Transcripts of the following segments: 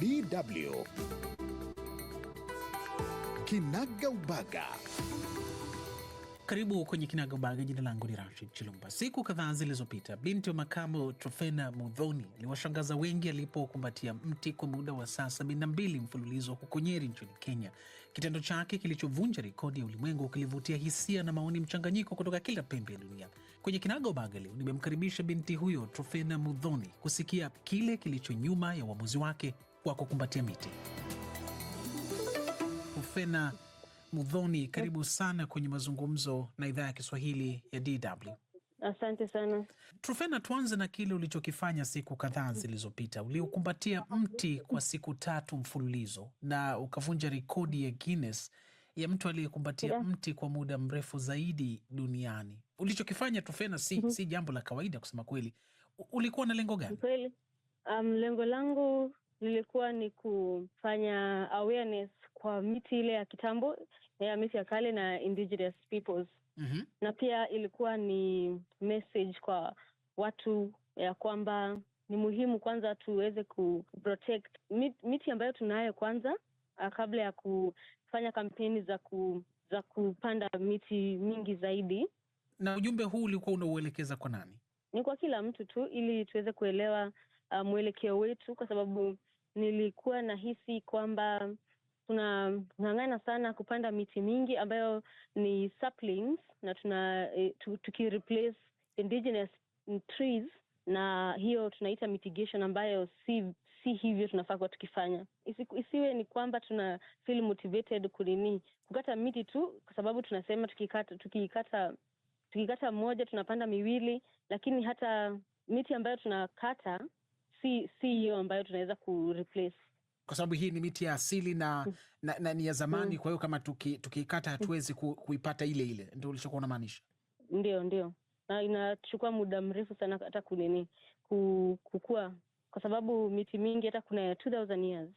DW Kinaga Ubaga. Karibu kwenye Kinaga Ubaga. Jina langu ni Rashid Chilumba. Siku kadhaa zilizopita, binti wa makamu Trofena Mudhoni aliwashangaza wengi alipokumbatia mti kwa muda wa saa 72 mfululizo huko Nyeri nchini Kenya. Kitendo chake kilichovunja rekodi ya ulimwengu kilivutia hisia na maoni mchanganyiko kutoka kila pembe ya dunia. Kwenye Kinaga Ubaga leo nimemkaribisha binti huyo Trofena Mudhoni kusikia kile kilicho nyuma ya uamuzi wake kwa kukumbatia miti. Ufena Mudhoni, karibu sana kwenye mazungumzo na idhaa ya Kiswahili ya DW. Asante sana Trufena, tuanze na kile ulichokifanya siku kadhaa zilizopita. uliokumbatia mti kwa siku tatu mfululizo na ukavunja rekodi ya Guinness ya mtu aliyekumbatia mti kwa muda mrefu zaidi duniani. Ulichokifanya Trufena si, mm -hmm. si jambo la kawaida kusema kweli. Ulikuwa na lengo gani? Kweli, um, lengo langu lilikuwa ni kufanya awareness kwa miti ile ya kitambo ya miti ya kale na indigenous peoples. Mm -hmm. Na pia ilikuwa ni message kwa watu ya kwamba ni muhimu kwanza tuweze protect miti ambayo tunayo kwanza ah, kabla ya kufanya kampeni za ku, za kupanda miti mingi zaidi. Na ujumbe huu ulikuwa unauelekeza kwa nani? Ni kwa kila mtu tu, ili tuweze kuelewa uh, mwelekeo wetu, kwa sababu nilikuwa nahisi kwamba tunang'ang'ana sana kupanda miti mingi ambayo ni saplings, na tuna eh, tukireplace indigenous trees na hiyo tunaita mitigation ambayo si si hivyo tunafaa kuwa tukifanya. Isi, isiwe ni kwamba tuna feel motivated kukata miti tu, kwa sababu tunasema tukikata tukikata tukikata moja tunapanda miwili, lakini hata miti ambayo tunakata si si hiyo ambayo tunaweza ku kwa sababu hii ni miti ya asili na, mm. na, na ni ya zamani mm. kwa hiyo kama tukiikata tuki hatuwezi ku, kuipata ile ile, ndio ulichokuwa unamaanisha? Ndio, ndio, na inachukua muda mrefu sana hata kunini kukua, kwa sababu miti mingi hata kuna ya 2000 years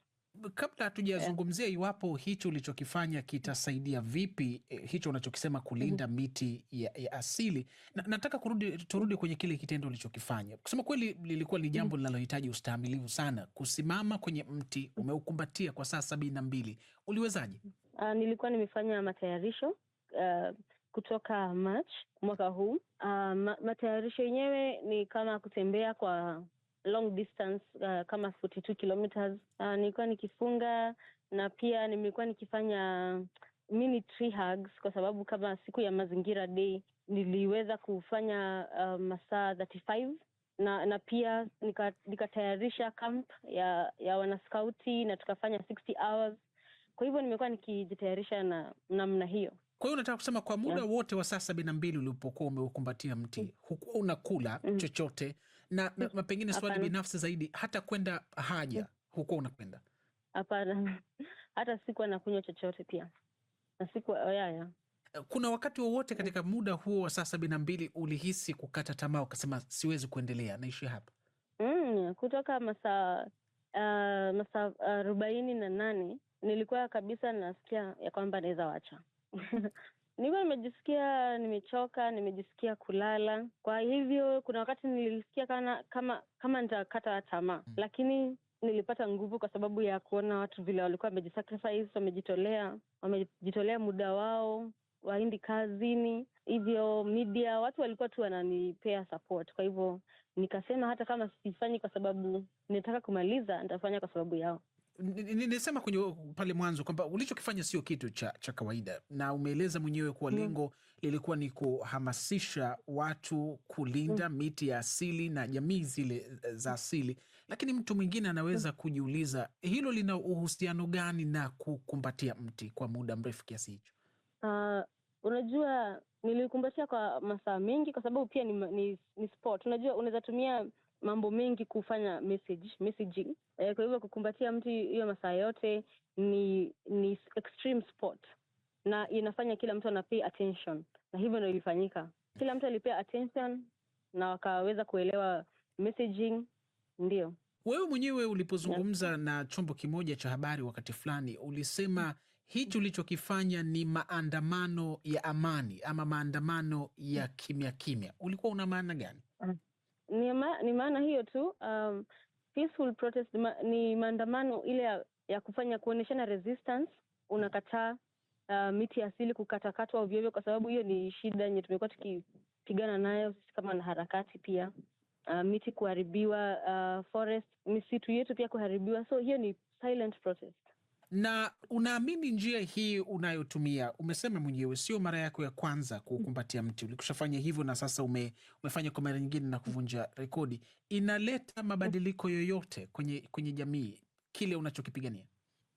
kabla hatujazungumzia eh. iwapo hicho ulichokifanya kitasaidia vipi eh, hicho unachokisema kulinda mm-hmm. miti ya, ya asili na, nataka kurudi, turudi kwenye kile kitendo ulichokifanya. Kusema kweli lilikuwa ni jambo mm. linalohitaji ustaamilivu sana. Kusimama kwenye mti umeukumbatia kwa saa sabini na mbili, uliwezaje? Uh, nilikuwa nimefanya matayarisho uh, kutoka March mwaka huu. Uh, matayarisho yenyewe ni kama kutembea kwa long distance uh, kama 42 kilometers uh, nilikuwa nikifunga na pia nimekuwa nikifanya mini tree hugs kwa sababu kama siku ya mazingira day niliweza kufanya uh, masaa 35 na na pia nikatayarisha nika camp ya ya wanaskauti na tukafanya 60 hours kwa hivyo nimekuwa nikijitayarisha na namna hiyo kwa hiyo unataka kusema kwa muda yeah, wote wa saa sabini na mbili ulipokuwa umeukumbatia mti hukuwa unakula mm -hmm. chochote na, na, na pengine swali binafsi zaidi, hata kwenda haja hukuwa unakwenda? Hapana, hata sikuwa nakunywa chochote pia na sikuwa oh, yaya. Kuna wakati wowote katika muda huo wa saa sabini na mbili ulihisi kukata tamaa ukasema siwezi kuendelea, naishi hapa? Mm, kutoka masaa uh, masaa arobaini uh, na nane nilikuwa kabisa nasikia ya kwamba naweza wacha Nilikuwa nimejisikia nimechoka, nimejisikia kulala. Kwa hivyo kuna wakati nilisikia kana, kama kama nitakata tamaa mm. Lakini nilipata nguvu kwa sababu ya kuona watu vile walikuwa wamejisacrifice, wamejitolea, wamejitolea muda wao, waindi kazini hivyo media watu walikuwa tu wananipea support. Kwa hivyo nikasema hata kama sifanyi kwa sababu nitaka kumaliza, nitafanya kwa sababu yao nilisema kwenye pale mwanzo kwamba ulichokifanya sio kitu cha, cha kawaida, na umeeleza mwenyewe kuwa mm. lengo lilikuwa ni kuhamasisha watu kulinda mm. miti ya asili na jamii zile e, za asili, lakini mtu mwingine anaweza mm. kujiuliza hilo lina uhusiano gani na kukumbatia mti kwa muda mrefu kiasi hicho? Uh, unajua nilikumbatia kwa masaa mengi kwa sababu pia ni, ni, ni sport. Unajua unaweza tumia mambo mengi kufanya message, messaging eh, kwa hivyo kukumbatia mtu hiyo masaa yote ni ni extreme sport na inafanya kila mtu anapay attention, na hivyo ndo ilifanyika. Kila mtu alipea attention na wakaweza kuelewa messaging. Ndio wewe mwenyewe ulipozungumza yeah, na chombo kimoja cha habari wakati fulani ulisema hichi ulichokifanya ni maandamano ya amani ama maandamano ya kimya kimya. Ulikuwa una maana gani? Mm ni, ma, ni maana hiyo tu um, peaceful protest ma, ni maandamano ile ya, ya kufanya kuonyeshana resistance. Unakataa uh, miti ya asili kukatakatwa ovyovyo kwa sababu hiyo ni shida yenye tumekuwa tukipigana nayo sisi kama na harakati pia uh, miti kuharibiwa, uh, forest misitu yetu pia kuharibiwa, so hiyo ni silent protest. Na unaamini njia hii unayotumia, umesema mwenyewe sio mara yako ya kwanza kukumbatia mti, ulikushafanya hivyo na sasa ume, umefanya kwa mara nyingine na kuvunja rekodi, inaleta mabadiliko yoyote kwenye, kwenye jamii kile unachokipigania?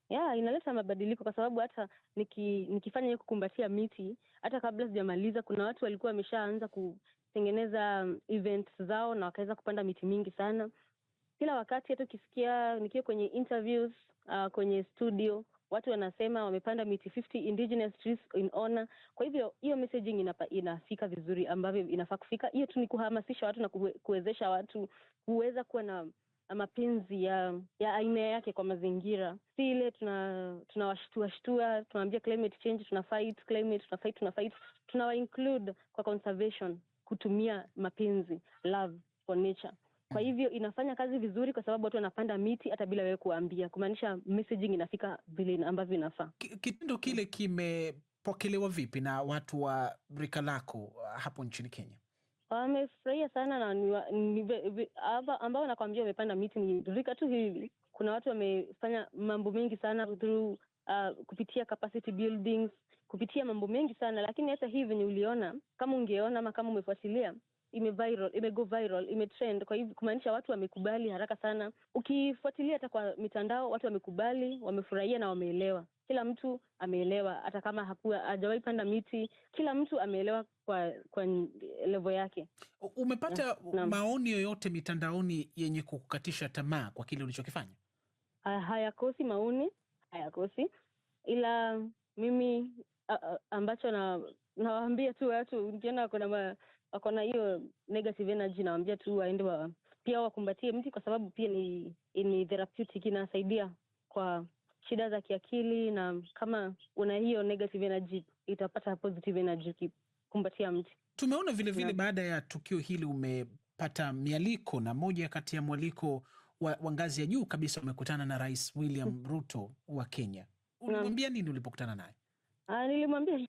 Yeah, inaleta mabadiliko kwa sababu hata niki, nikifanya hiyo kukumbatia miti, hata kabla sijamaliza, kuna watu walikuwa wameshaanza kutengeneza events zao na wakaweza kupanda miti mingi sana kila wakati hata ukisikia nikiwa kwenye interviews uh, kwenye studio watu wanasema wamepanda miti 50 indigenous trees in honor. Kwa hivyo hiyo messaging inapa, inafika vizuri ambavyo inafaa kufika. Hiyo tu ni kuhamasisha watu na kuwezesha watu kuweza kuwa na mapenzi ya ya aina yake kwa mazingira, si ile tuna tunawashtuashtua tunaambia climate change, tuna fight climate, tuna fight, tuna fight, tunawa include kwa conservation, kutumia mapenzi love for nature. Kwa mm. hivyo inafanya kazi vizuri kwa sababu watu wanapanda miti hata bila wewe kuambia, kumaanisha messaging inafika vile ambavyo inafaa. Kitendo kile kimepokelewa vipi na watu wa rika lako uh, hapo nchini Kenya? Wamefurahia sana na ni, ambao wanakwambia wamepanda miti ni rika tu hivi Kuna watu wamefanya mambo mengi sana through, uh, kupitia capacity buildings, kupitia mambo mengi sana lakini hata hii venye uliona, kama ungeona ama kama umefuatilia ime viral, imego viral, imetrend. Kwa hivyo kumaanisha watu wamekubali haraka sana. Ukifuatilia hata kwa mitandao, watu wamekubali, wamefurahia na wameelewa. Kila mtu ameelewa, hata kama hakuwa hajawahi panda miti, kila mtu ameelewa kwa kwa levo yake. Umepata na, maoni yoyote mitandaoni yenye kukatisha tamaa kwa kile ulichokifanya? Hayakosi maoni, hayakosi ila mimi a, a, ambacho na nawaambia tu watu nikiona wako na wako na hiyo negative energy nawaambia tu waende wa, pia wakumbatie mti kwa sababu pia ni, ni therapeutic inasaidia kwa shida za kiakili na kama una hiyo negative energy itapata positive energy ukikumbatia mti tumeona vile vile yeah. baada ya tukio hili umepata mialiko na moja kati ya mwaliko wa, wa ngazi ya juu kabisa umekutana na rais William mm. Ruto wa Kenya ulimwambia nini ulipokutana naye ah, nilimwambia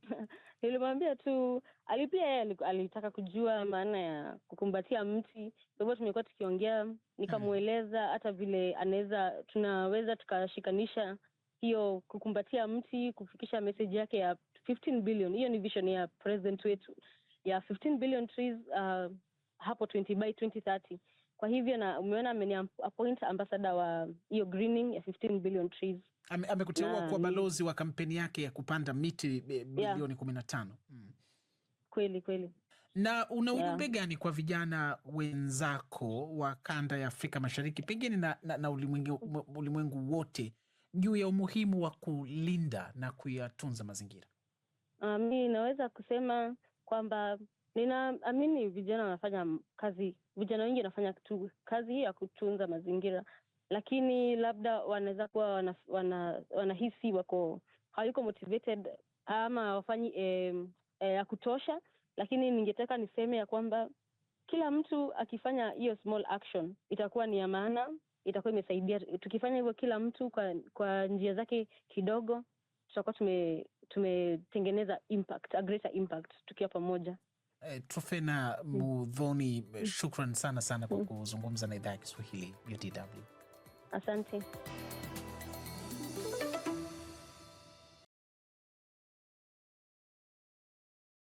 nilimwambia tu alipia yeye alitaka kujua maana ya kukumbatia mti kwa hivyo tumekuwa tukiongea nikamweleza hata vile anaweza tunaweza tukashikanisha hiyo kukumbatia mti kufikisha meseji yake ya 15 billion hiyo ni vision ya president wetu ya 15 billion trees uh, hapo 20 by 2030 kwa hivyo na umeona ameniappoint ambasada wa hiyo greening ya 15 billion trees amekuteua ame kuwa balozi wa kampeni yake ya kupanda miti bilioni yeah. kumi na tano mm. kweli kweli na una ujumbe yeah. gani kwa vijana wenzako wa kanda ya Afrika Mashariki pengine na, na, na ulimwengu, ulimwengu wote juu ya umuhimu wa kulinda na kuyatunza mazingira? Uh, mi naweza kusema kwamba Ninaamini vijana wanafanya kazi, vijana wengi wanafanya tu kazi ya kutunza mazingira, lakini labda wanaweza kuwa wana, wana, wanahisi wako motivated ama hawafanyi eh, ya eh, eh, kutosha. Lakini ningetaka niseme ya kwamba kila mtu akifanya hiyo small action itakuwa ni ya maana, itakuwa imesaidia. Tukifanya hivyo kila mtu kwa, kwa njia zake kidogo, tutakuwa tumetengeneza impact, a greater impact tukiwa pamoja. Tufena Trofena Mudhoni, shukran sana sana kwa kuzungumza na idhaa ya Kiswahili ya DW. Asante.